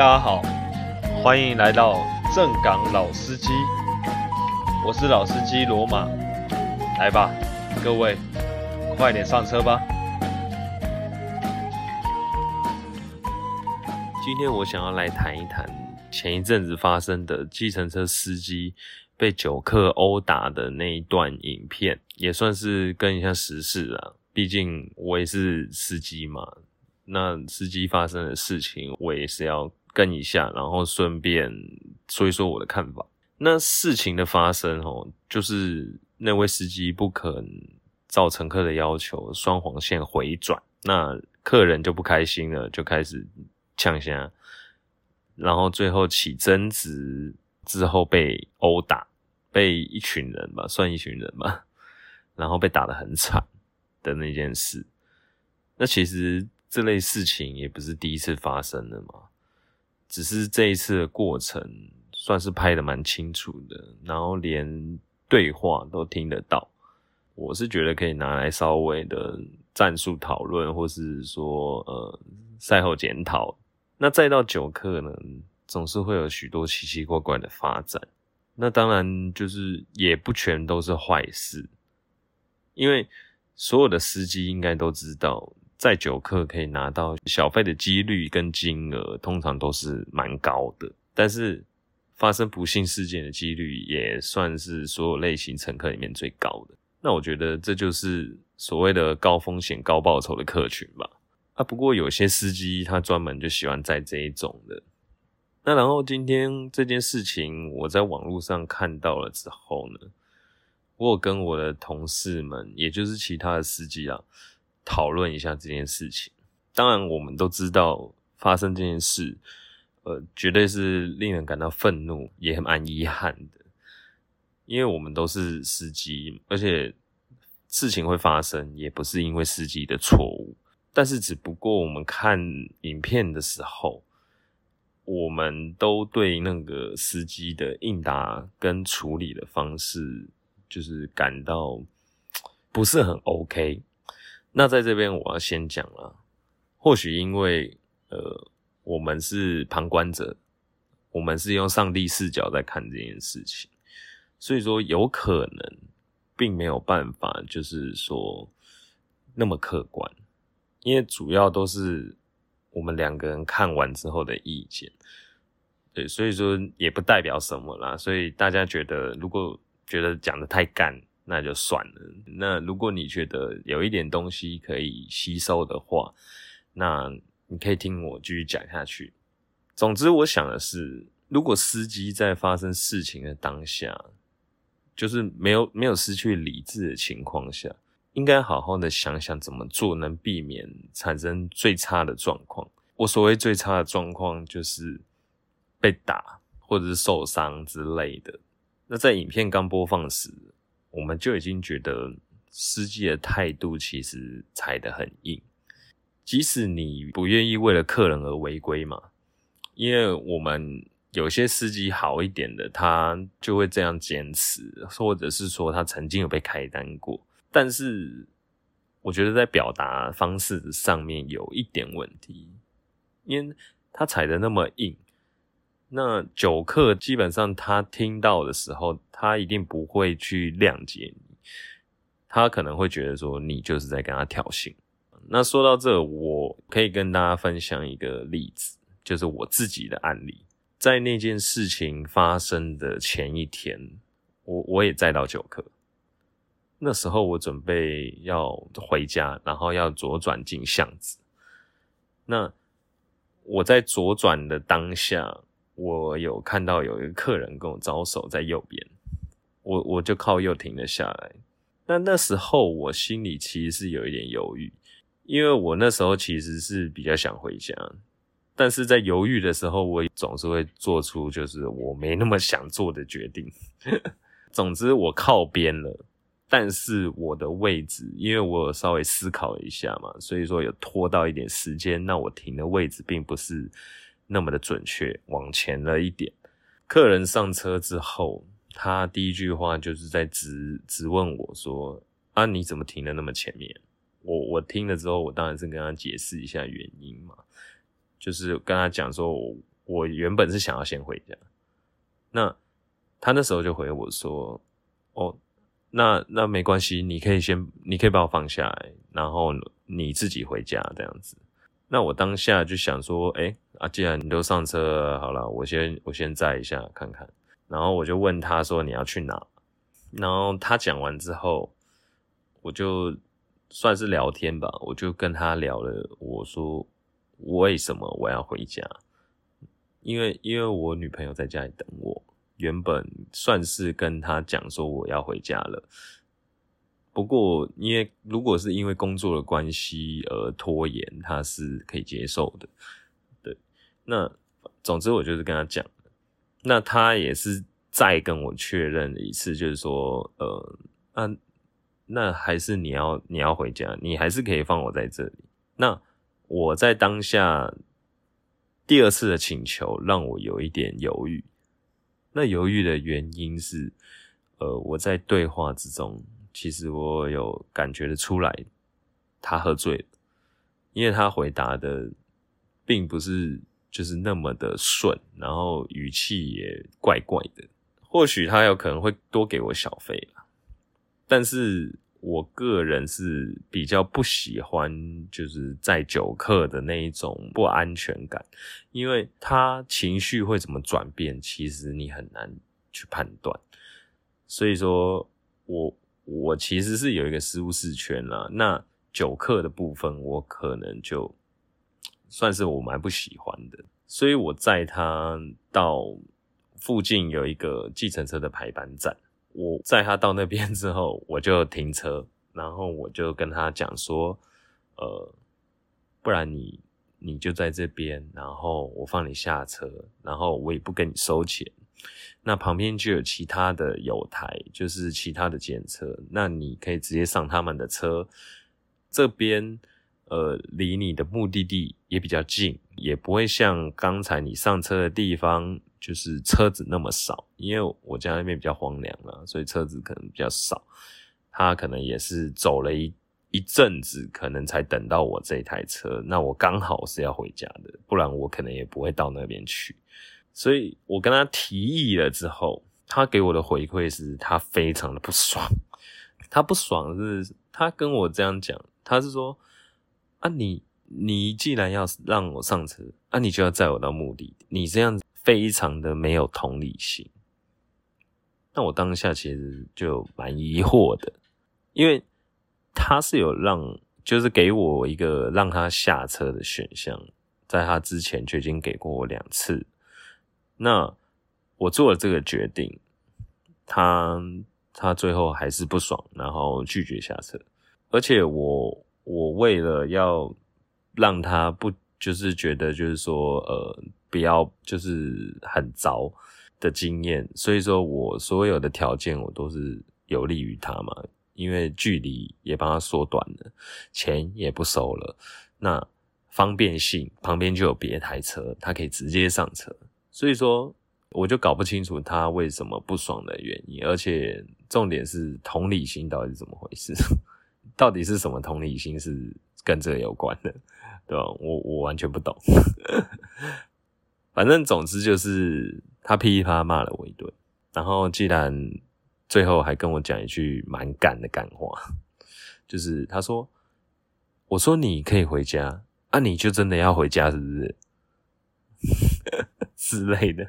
大家好，歡迎來到正港老司機，我是老司機羅馬，來吧，各位，快點上車吧。今天我想要來談一談前一陣子發生的計程車司機被酒客毆打的那一段影片，也算是跟一下時事啊。畢竟我也是司機嘛，那司機發生的事情，我也是要。跟一下，然後順便說一說我的看法。那事情的發生哦，就是那位司機不肯照乘客的要求雙黃線回轉，那客人就不開心了，就開始嗆蝦，然後最後起爭執之後被毆打，被一群人吧，算一群人吧，然後被打得很慘的那件事。那其實這類事情也不是第一次發生的嘛。只是這一次的過程算是拍得蠻清楚的，然後連對話都聽得到。我是覺得可以拿來稍微的戰術討論，或是說呃賽後檢討。那載到酒客呢，總是會有許多奇奇怪怪的發展。那當然就是也不全都是壞事，因為所有的司機應該都知道。載酒客可以拿到小費的幾率跟金額，通常都是蠻高的，但是發生不幸事件的幾率也算是所有類型乘客裡面最高的。那我覺得這就是所謂的高風險高報酬的客群吧。啊，不過有些司機他專門就喜歡載這一種的。那然後今天這件事情我在網絡上看到了之後呢，我跟我的同事們，也就是其他的司機啊。討論一下這件事情。當然，我們都知道發生這件事，呃，絕對是令人感到憤怒，也很蠻遺憾的。因為我們都是司機，而且事情會發生，也不是因為司機的錯誤。但是，只不過我們看影片的時候，我們都對那個司機的應答跟處理的方式，就是感到不是很 OK。那在這邊，我要先講啦。或許因為，呃，我們是旁觀者，我們是用上帝視角在看這件事情，所以說有可能並沒有辦法，就是說那麼客觀，因為主要都是我們兩個人看完之後的意見，對，所以說也不代表什麼啦。所以大家覺得，如果覺得講得太乾，那就算了。那如果你覺得有一點東西可以吸收的話，那你可以聽我繼續講下去。總之，我想的是，如果司機在發生事情的當下，就是沒有沒有失去理智的情況下，應該好好的想想怎麼做能避免產生最差的狀況。我所謂最差的狀況，就是被打或者是受傷之類的。那在影片剛播放時，我們就已經覺得司機的態度其實踩得很硬，即使你不願意為了客人而違規嘛，因為我們有些司機好一點的，他就會這樣堅持，或者是說他曾經有被開單過，但是我覺得在表達方式上面有一點問題，因為他踩得那麼硬。那酒客，基本上，他聽到的時候，他一定不會去諒解你，他可能會覺得說你就是在跟他挑釁。那說到這，我可以跟大家分享一個例子，就是我自己的案例。在那件事情發生的前一天，我我也載到酒客，那時候我準備要回家，然後要左轉進巷子。那我在左轉的當下。我有看到有一個客人跟我招手，在右邊，我我就靠右停了下來。但那，那時候我心裡其實是有一點猶豫，因為我那時候其實是比較想回家。但是在猶豫的時候，我總是會做出就是我沒那麼想做的決定。 總之我靠邊了，但是我的位置，因為我有稍微思考了一下嘛，所以說有拖到一點時間，那我停的位置並不是。那麼的準確，往前了一點。客人上車之後，他第一句話就是在直直問我說：“啊，你怎麼停得那麼前面？”我我聽了之後，我當然是跟他解釋一下原因嘛，就是跟他講說我，我原本是想要先回家。那他那時候就回我說：“哦，那那沒關係，你可以先，你可以把我放下來，然後你自己回家這樣子。”那我當下就想說，哎、欸，啊，既然你都上車了，好了，我先我先載一下看看。然後我就問他說，你要去哪？然後他講完之後，我就算是聊天吧，我就跟他聊了。我說，我為什麼我要回家？因為因為我女朋友在家裡等我。原本算是跟他講說我要回家了。不過，因為如果是因為工作的關係而拖延，他是可以接受的。對，那總之我就是跟他講，那他也是再跟我確認一次，就是說，呃，那、啊、那還是你要你要回家，你還是可以放我在這裡。那我在當下第二次的請求，讓我有一點猶豫。那猶豫的原因是，呃，我在對話之中。其實我有感覺得出來，他喝醉了，因為他回答的並不是就是那麼的順，然後語氣也怪怪的。或許他有可能會多給我小費吧，但是我個人是比較不喜歡就是在酒客的那一種不安全感，因為他情緒會怎麼轉變，其實你很難去判斷。所以說，我。我其實是有一個舒適圈啦，那酒客的部分我可能就算是我蠻不喜歡的，所以我載他到附近有一個計程車的排班站，我載他到那邊之後，我就停車，然後我就跟他講說，呃，不然你你就在這邊，然後我放你下車，然後我也不跟你收錢。那旁邊就有其他的有台，就是其他的檢測。那你可以直接上他們的車。這邊呃，離你的目的地也比較近，也不會像剛才你上車的地方，就是車子那麼少。因為我家那邊比較荒涼了，啊，所以車子可能比較少。他可能也是走了一一陣子，可能才等到我這台車。那我剛好是要回家的，不然我可能也不會到那邊去。所以我跟他提議了之後，他給我的回饋是他非常的不爽。他不爽是，他跟我這樣講，他是說：“啊你，你你既然要讓我上車，啊你就要載我到目的地。你這樣子非常的沒有同理心。”那我當下其實就蠻疑惑的，因為他是有讓，就是給我一個讓他下車的選項，在他之前就已經給過我兩次。那我做了這個決定，他他最後還是不爽，然後拒絕下車。而且我我為了要讓他不就是覺得就是說呃不要就是很糟的經驗，所以說我所有的條件我都是有利於他嘛，因為距離也幫他縮短了，錢也不收了，那方便性旁邊就有別台車，他可以直接上車。所以說，我就搞不清楚他為什麼不爽的原因，而且重點是同理心到底是怎麼回事？到底是什麼同理心是跟這個有關的，對吧？我我完全不懂。 反正總之就是他噼里啪啦罵了我一頓，然後既然最後還跟我講一句蠻幹的幹話，就是他說：“我說你可以回家，啊你就真的要回家，是不是？” 之類的，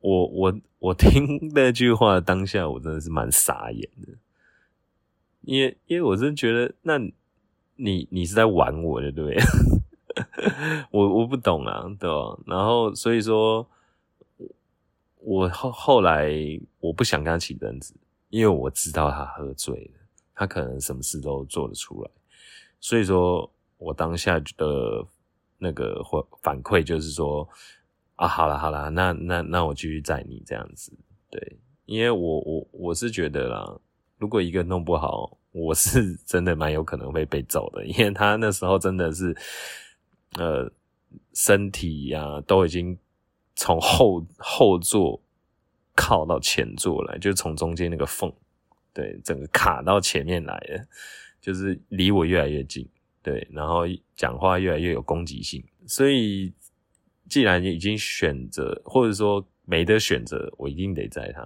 我我我聽那句話當下，我真的是蠻傻眼的，因為因為我真覺得，那你你，你是在玩我的，對不對？我我不懂啊，對吧，啊？然後所以說，我後後來我不想跟他起爭執，因為我知道他喝醉了，他可能什麼事都做得出來，所以說我當下的那個反反饋就是說。啊，好了好了，那那那我繼續載你這樣子，對，因為我我我是覺得啦，如果一個弄不好，我是真的蠻有可能會被揍的，因為他那時候真的是，呃，身體呀，啊，都已經從後後座靠到前座來，就從中間那個縫，對，整個卡到前面來了，就是離我越來越近，對，然後講話越來越有攻擊性，所以。既然已經選擇，或者說沒得選擇，我一定得載他，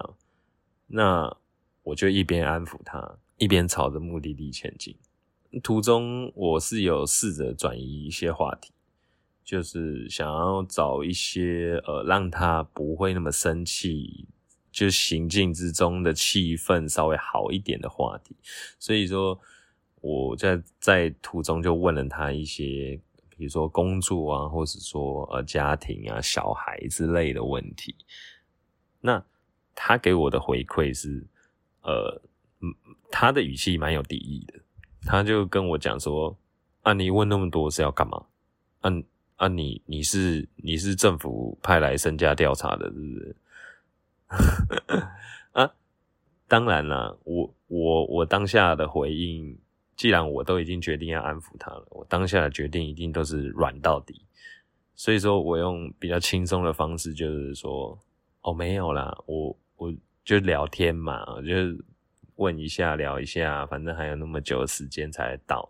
那我就一邊安撫他，一邊朝着目的地前進。途中我是有試着轉移一些話題，就是想要找一些呃讓他不會那麼生氣，就行進之中的氣氛稍微好一點的話題。所以說我在在途中就問了他一些。比如說工作啊，或者說、呃、家庭啊、小孩之類的問題，那他給我的回饋是，呃，他的語氣蠻有敵意的，他就跟我講說：“啊，你問那麼多是要幹嘛？啊啊你，你你是你是政府派來身家調查的，是不是？” 啊，當然了，我我我當下的回應。既然我都已經決定要安撫他了，我當下的決定一定都是軟到底。所以說，我用比較輕鬆的方式，就是說，哦，沒有啦，我我就聊天嘛，就問一下，聊一下，反正還有那麼久的時間才到。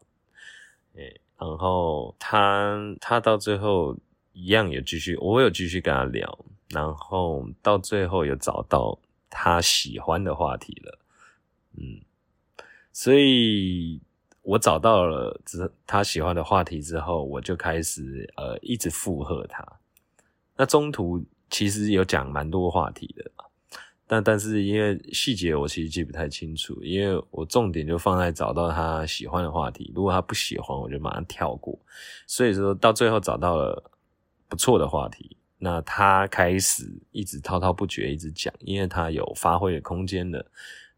欸，然後他他到最後一樣有繼續，我有繼續跟他聊，然後到最後有找到他喜歡的話題了。嗯，所以。我找到了只他喜歡的話題之後，我就開始呃一直附和他。那中途其實有講蠻多話題的，但但是因為細節我其實記不太清楚，因為我重點就放在找到他喜歡的話題。如果他不喜歡，我就馬上跳過。所以說到最後找到了不錯的話題，那他開始一直滔滔不絕一直講，因為他有發揮的空間的。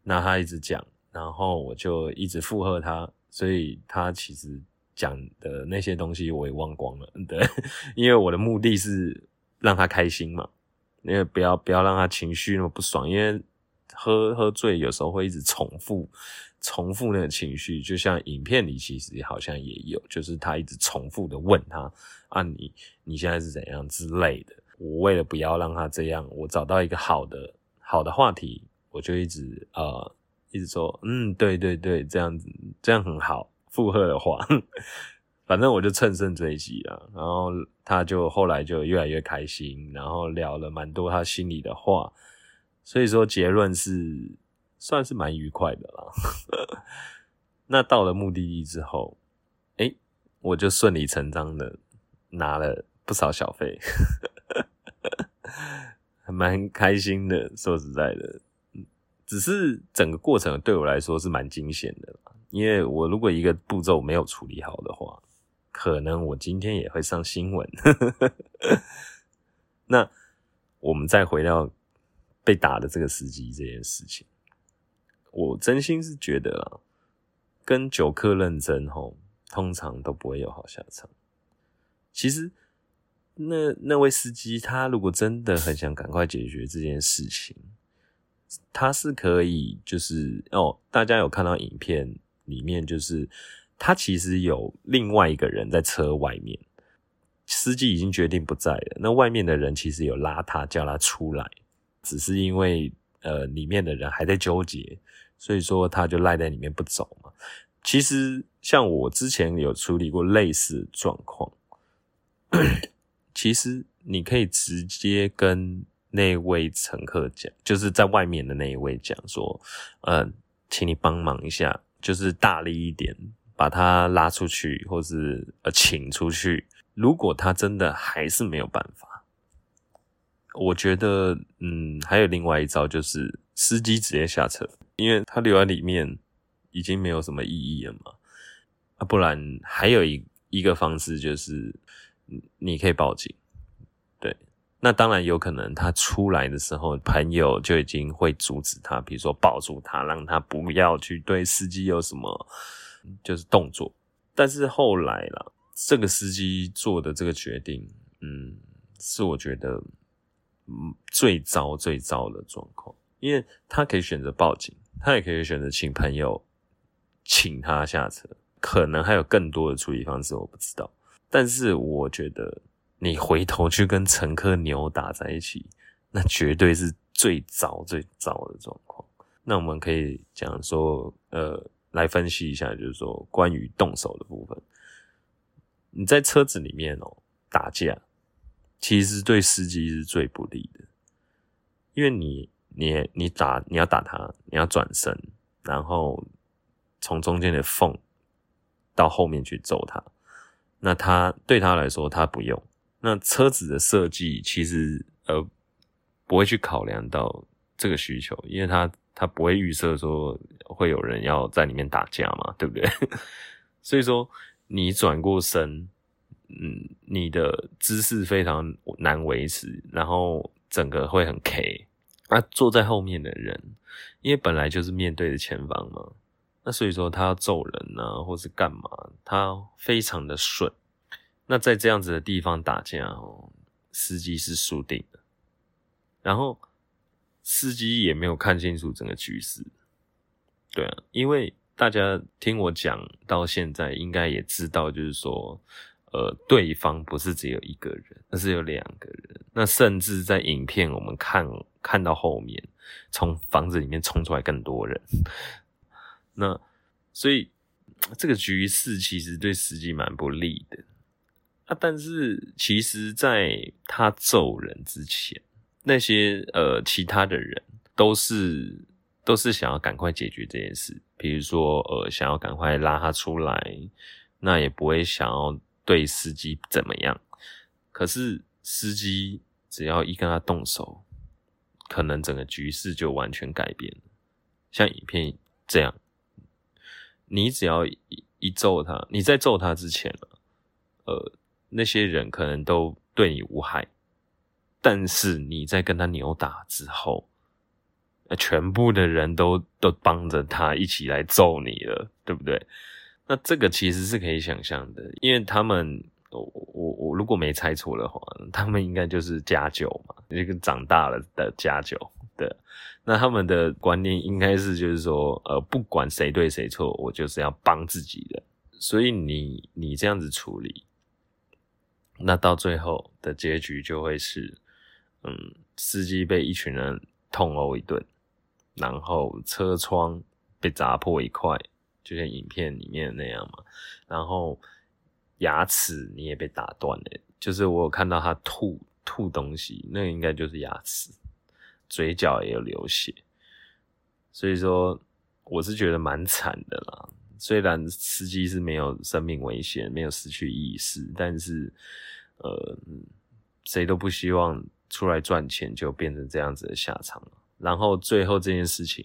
那他一直講。然後我就一直附和他，所以他其實講的那些東西我也忘光了。對，因為我的目的是讓他開心嘛，因為不要不要讓他情緒那麼不爽，因為喝喝醉有時候會一直重複重複那個情緒，就像影片裡其實好像也有，就是他一直重複的問他啊，你你現在是怎樣之類的。我為了不要讓他這樣，我找到一個好的好的話題，我就一直呃。一直說，嗯，對對對，這樣子，這樣很好，附和的話， 反正我就乘勝追擊啊。然後他就後來就越來越開心，然後聊了蠻多他心裡的話，所以說結論是算是蠻愉快的啦。 那到了目的地之後，哎，我就順理成章的拿了不少小費， 還蠻開心的。說實在的。只是整個過程對我來說是蠻驚險的，因為我如果一個步驟沒有處理好的話，可能我今天也會上新聞。那我們再回到被打的這個司機這件事情，我真心是覺得啊，跟酒客認真吼，通常都不會有好下場。其實那那位司機他如果真的很想趕快解決這件事情。他是可以，就是哦，大家有看到影片裡面，就是他其實有另外一個人在車外面，司機已經決定不在了。那外面的人其實有拉他，叫他出來，只是因為呃，裡面的人還在糾結，所以說他就賴在裡面不走嘛。其實像我之前有處理過類似狀況， 其實你可以直接跟。那一位乘客講，就是在外面的那一位講說：“呃，請你幫忙一下，就是大力一點，把他拉出去，或是呃，請出去。如果他真的還是沒有辦法，我覺得，嗯，還有另外一招，就是司機直接下車，因為他留在裡面已經沒有什麼意義了嘛。啊，不然，還有一一個方式就是，你可以報警，對。”那當然有可能，他出來的時候，朋友就已經會阻止他，比如說抱住他，讓他不要去對司機有什麼就是動作。但是後來啦，這個司機做的這個決定，嗯，是我覺得最糟最糟的狀況，因為他可以選擇報警，他也可以選擇請朋友請他下車，可能還有更多的處理方式，我不知道。但是我覺得。你回頭去跟乘客扭打在一起，那絕對是最糟最糟的狀況。那我們可以講說，呃，來分析一下，就是說，關於動手的部分，你在車子裡面哦打架，其實對司機是最不利的，因為你你你打你要打他，你要轉身，然後從中間的縫到後面去揍他，那他對他來說，他不用。那車子的設計其實，呃，不會去考量到這個需求，因為它它不會預設說會有人要在裡面打架嘛，對不對？ 所以說你轉過身，嗯，你的姿勢非常難維持，然後整個會很 K、啊。那坐在後面的人，因為本來就是面對着前方嘛，那所以說他要揍人吶、啊，或是幹嘛，他非常的順。那在這樣子的地方打架哦，司機是輸定了。然後司機也沒有看清楚整個局勢，對啊，因為大家聽我講到現在，應該也知道，就是說，呃，對方不是只有一個人，而是有兩個人。那甚至在影片我們看看到後面，從房子裡面衝出來更多人。 那所以這個局勢其實對司機蠻不利的。啊！但是其實，在他揍人之前，那些呃其他的人都是都是想要趕快解決這件事，比如說呃想要趕快拉他出來，那也不會想要對司機怎麼樣。可是司機只要一跟他動手，可能整個局勢就完全改變了。像影片這樣，你只要一一揍他，你在揍他之前呃。那些人可能都對你無害，但是你在跟他扭打之後，全部的人都都幫着他一起來揍你了，對不對？那這個其實是可以想象的，因為他們，我我我如果沒猜錯的話，他們應該就是家酒嘛，一個長大了的家酒，對，那他們的觀念應該是就是說，呃，不管誰對誰錯，我就是要幫自己的，所以你你這樣子處理。那到最後的結局就會是，嗯，司機被一群人痛毆一頓，然後車窗被砸破一塊，就像、是、影片裡面那樣嘛。然後牙齒你也被打斷了，就是我看到他吐吐東西，那個、應該就是牙齒，嘴角也有流血。所以說，我是覺得蠻慘的啦。雖然司機是沒有生命危險，沒有失去意識，但是，呃，誰都不希望出來賺錢就變成這樣子的下場。然後最後這件事情，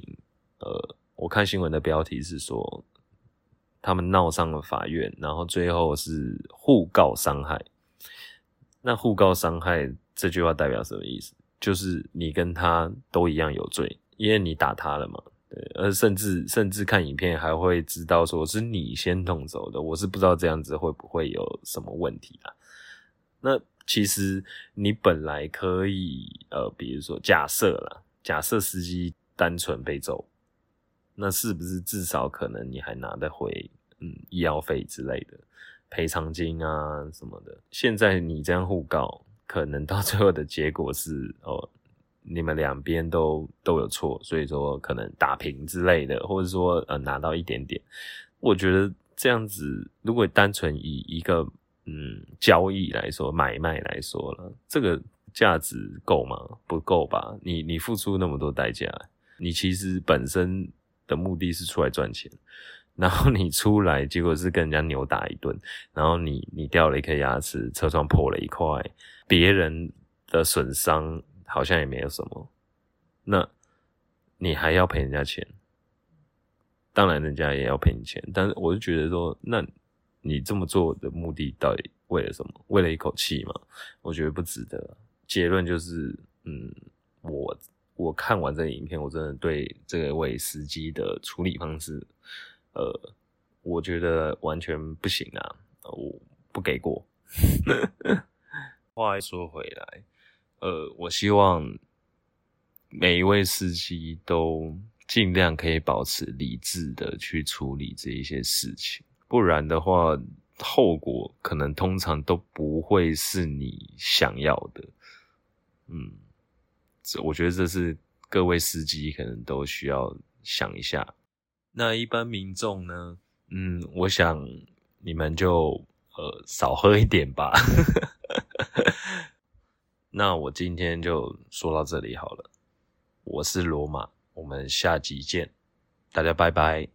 呃，我看新聞的標題是說他們鬧上了法院，然後最後是互告傷害。那互告傷害這句話代表什麼意思？就是你跟他都一樣有罪，因為你打他了嘛。呃，對，甚至甚至看影片還會知道說，是你先動手的，我是不知道這樣子會不會有什麼問題啊？那其實你本來可以，呃，比如說假設啦，假設司機單純被揍，那是不是至少可能你還拿得回嗯醫藥費之類的賠償金啊什麼的？現在你這樣互告，可能到最後的結果是哦。呃你們兩邊都都有錯，所以說可能打平之類的，或者說呃拿到一點點。我覺得這樣子，如果單純以一個嗯交易來說，買賣來說了，這個價值夠嗎？不夠吧。你你付出那麼多代價，你其實本身的目的是出來賺錢，然後你出來結果是跟人家扭打一頓，然後你你掉了一顆牙齒，車窗破了一塊，別人的損傷。好像也沒有什麼，那，你還要賠人家錢，當然人家也要賠你錢。但是我就覺得說，那你，你這麼做的目的到底為了什麼？為了一口氣嘛，我覺得不值得。結論就是，嗯，我我看完這個影片，我真的對這位司機的處理方式，呃，我覺得完全不行啊！我不給過。 話又說回來。呃，我希望每一位司機都盡量可以保持理智的去處理這一些事情，不然的話，後果可能通常都不會是你想要的。嗯，這我覺得這是各位司機可能都需要想一下。那一般民眾呢？嗯，我想你們就呃少喝一點吧。 那我今天就說到這裡好了，我是羅馬，我們下集見，大家拜拜。